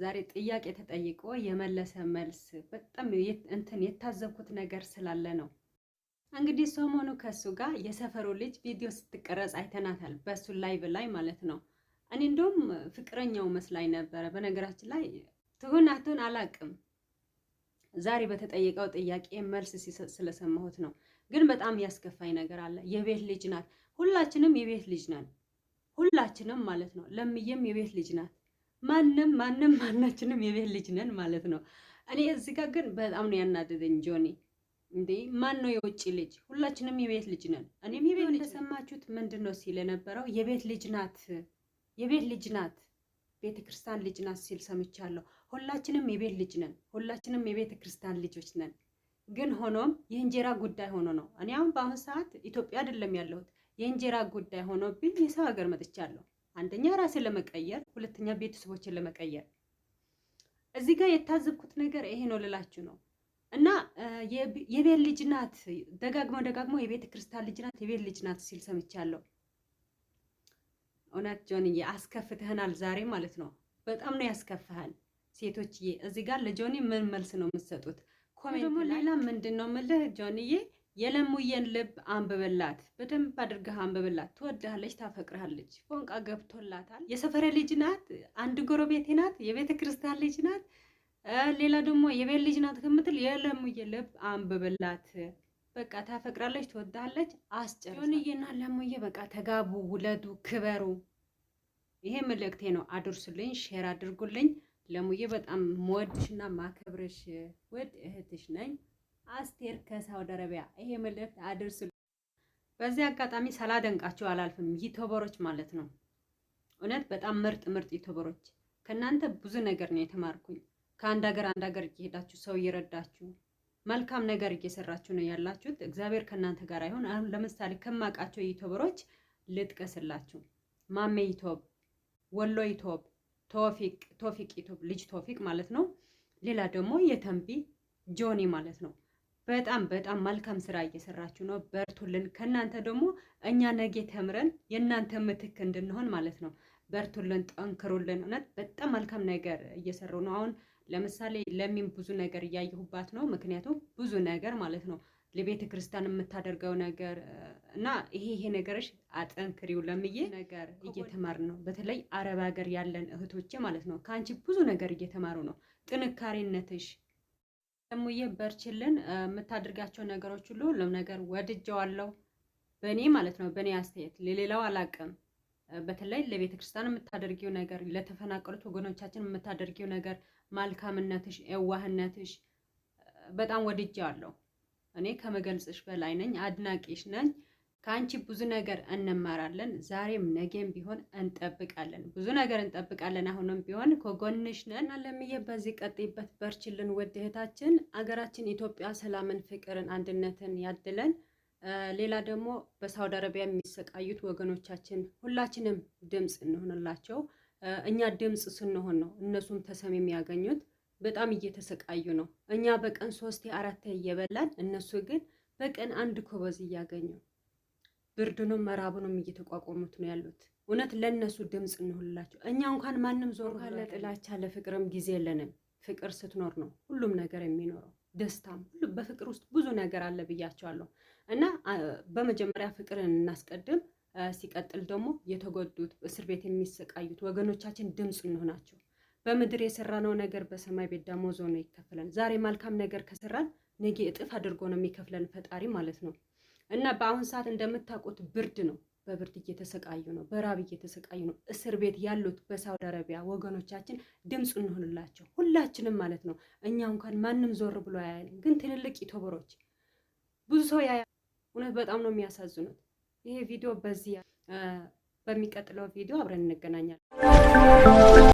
ዛሬ ጥያቄ ተጠይቆ የመለሰ መልስ በጣም እንትን የታዘብኩት ነገር ስላለ ነው። እንግዲህ ሰሞኑ ከሱ ጋር የሰፈሩ ልጅ ቪዲዮ ስትቀረጽ አይተናታል፣ በሱ ላይቭ ላይ ማለት ነው። እኔ እንደውም ፍቅረኛው መስላኝ ነበረ። በነገራችን ላይ ትሁን አትሁን አላቅም። ዛሬ በተጠየቀው ጥያቄ መልስ ስለሰማሁት ነው። ግን በጣም ያስከፋኝ ነገር አለ። የቤት ልጅ ናት። ሁላችንም የቤት ልጅ ናት። ሁላችንም ማለት ነው። ለምዬም የቤት ልጅ ናት። ማንም ማንም ማናችንም የቤት ልጅ ነን ማለት ነው። እኔ እዚህ ጋር ግን በጣም ነው ያናደደኝ ጆኒ እንዴ ማን ነው የውጭ ልጅ? ሁላችንም የቤት ልጅ ነን። እኔም የቤት ልጅ ተሰማችሁት። ምንድን ነው ሲል የነበረው የቤት ልጅ ናት፣ የቤት ልጅ ናት፣ ቤተ ክርስቲያን ልጅ ናት ሲል ሰምቻለሁ። ሁላችንም የቤት ልጅ ነን፣ ሁላችንም የቤተ ክርስቲያን ልጆች ነን። ግን ሆኖም የእንጀራ ጉዳይ ሆኖ ነው እኔ አሁን በአሁኑ ሰዓት ኢትዮጵያ አይደለም ያለሁት። የእንጀራ ጉዳይ ሆኖብኝ የሰው ሀገር መጥቻለሁ። አንደኛ ራሴን ለመቀየር፣ ሁለተኛ ቤተሰቦችን ለመቀየር። እዚህ ጋር የታዘብኩት ነገር ይሄ ነው ልላችሁ ነው። እና የቤት ልጅ ናት ደጋግሞ ደጋግሞ የቤተ ክርስቲያን ልጅ ናት፣ የቤት ልጅ ናት ሲል ሰምቻለሁ። እውነት ጆንዬ አስከፍተህናል ዛሬ ማለት ነው። በጣም ነው ያስከፍሃል። ሴቶችዬ እዚህ ጋር ለጆኒ ምን መልስ ነው የምትሰጡት? ኮሜንት ደግሞ ሌላ ምንድን ነው የምልህ ጆንዬ የለሙዬን ልብ አንብበላት፣ በደንብ አድርገህ አንብበላት። ትወድሃለች፣ ታፈቅርሃለች። ፎንቃ ገብቶላታል። የሰፈረ ልጅ ናት፣ አንድ ጎረቤቴ ናት፣ የቤተ ክርስቲያን ልጅ ናት፣ ሌላ ደግሞ የቤት ልጅ ናት ከምትል የለሙዬ ልብ አንብበላት። በቃ ታፈቅራለች፣ ትወድሃለች። አስጨርሶንዬና ለሙዬ በቃ ተጋቡ፣ ውለዱ፣ ክበሩ። ይሄ መልእክቴ ነው። አድርሱልኝ፣ ሼር አድርጉልኝ። ለሙዬ በጣም መወድሽና ማከብርሽ ውድ እህትሽ ነኝ። አስቴር ከሳውዲ አረቢያ ይሄ መልእክት አድርሱል። በዚህ አጋጣሚ ሳላደንቃችሁ አላልፍም። ዩቲዩበሮች ማለት ነው እውነት በጣም ምርጥ ምርጥ ይቶበሮች ከእናንተ ብዙ ነገር ነው የተማርኩኝ። ከአንድ ሀገር አንድ ሀገር እየሄዳችሁ ሰው እየረዳችሁ መልካም ነገር እየሰራችሁ ነው ያላችሁት። እግዚአብሔር ከእናንተ ጋር አይሆን። አሁን ለምሳሌ ከማውቃቸው ይቶበሮች ልጥቀስላችሁ ማሜ ዩቲዩብ፣ ወሎ ዩቲዩብ፣ ቶፊቅ ቶፊቅ ዩቲዩብ ልጅ ቶፊቅ ማለት ነው። ሌላ ደግሞ የተንቢ ጆኒ ማለት ነው በጣም በጣም መልካም ስራ እየሰራችሁ ነው። በርቱልን። ከእናንተ ደግሞ እኛ ነገ ተምረን የእናንተ ምትክ እንድንሆን ማለት ነው። በርቱልን፣ ጠንክሩልን። እውነት በጣም መልካም ነገር እየሰሩ ነው። አሁን ለምሳሌ ለሚን ብዙ ነገር እያየሁባት ነው። ምክንያቱም ብዙ ነገር ማለት ነው ለቤተ ክርስቲያን የምታደርገው ነገር እና ይሄ ይሄ ነገርሽ አጠንክሪው ለምዬ ነገር እየተማር ነው። በተለይ አረብ ሀገር ያለን እህቶቼ ማለት ነው ከአንቺ ብዙ ነገር እየተማሩ ነው። ጥንካሬነትሽ እሙዬ በርችልን። የምታደርጋቸው ነገሮች ሁሉ ሁሉም ነገር ወድጀዋለሁ፣ በእኔ ማለት ነው፣ በእኔ አስተያየት ለሌላው አላቅም። በተለይ ለቤተ ክርስቲያን የምታደርጊው ነገር፣ ለተፈናቀሉት ወገኖቻችን የምታደርጊው ነገር፣ ማልካምነትሽ፣ የዋህነትሽ በጣም ወድጀዋለሁ። እኔ ከመገልጽሽ በላይ ነኝ፣ አድናቂሽ ነኝ። ከአንቺ ብዙ ነገር እንማራለን። ዛሬም ነገም ቢሆን እንጠብቃለን፣ ብዙ ነገር እንጠብቃለን። አሁንም ቢሆን ከጎንሽ ነን አለምዬ። በዚህ ቀጥይበት፣ በርችልን ውድ እህታችን። አገራችን ኢትዮጵያ ሰላምን፣ ፍቅርን፣ አንድነትን ያድለን። ሌላ ደግሞ በሳውዲ አረቢያ የሚሰቃዩት ወገኖቻችን ሁላችንም ድምፅ እንሆንላቸው። እኛ ድምፅ ስንሆን ነው እነሱም ተሰሚ የሚያገኙት። በጣም እየተሰቃዩ ነው። እኛ በቀን ሶስቴ አራቴ እየበላን እነሱ ግን በቀን አንድ ኮበዝ እያገኙ ብርዱንም መራቡንም እየተቋቋሙት ነው ያሉት። እውነት ለእነሱ ድምፅ እንሁንላቸው። እኛ እንኳን ማንም ዞር ካለ ጥላቻ ለፍቅርም ጊዜ የለንም። ፍቅር ስትኖር ነው ሁሉም ነገር የሚኖረው ደስታም ሁሉ በፍቅር ውስጥ ብዙ ነገር አለ ብያቸዋለሁ። እና በመጀመሪያ ፍቅርን እናስቀድም። ሲቀጥል ደግሞ የተጎዱት እስር ቤት የሚሰቃዩት ወገኖቻችን ድምፅ እንሆናቸው። በምድር የሰራነው ነገር በሰማይ ቤት ደመወዝ ሆኖ ይከፍለን። ዛሬ መልካም ነገር ከሰራን ነገ እጥፍ አድርጎ ነው የሚከፍለን ፈጣሪ ማለት ነው። እና በአሁን ሰዓት እንደምታውቁት ብርድ ነው። በብርድ እየተሰቃዩ ነው። በራብ እየተሰቃዩ ነው። እስር ቤት ያሉት በሳውዲ አረቢያ ወገኖቻችን ድምፅ እንሆንላቸው ሁላችንም ማለት ነው። እኛ እንኳን ማንም ዞር ብሎ ያያል፣ ግን ትልልቅ ኢትዮበሮች ብዙ ሰው ያያ እውነት በጣም ነው የሚያሳዝኑት። ይሄ ቪዲዮ በዚህ በሚቀጥለው ቪዲዮ አብረን እንገናኛለን።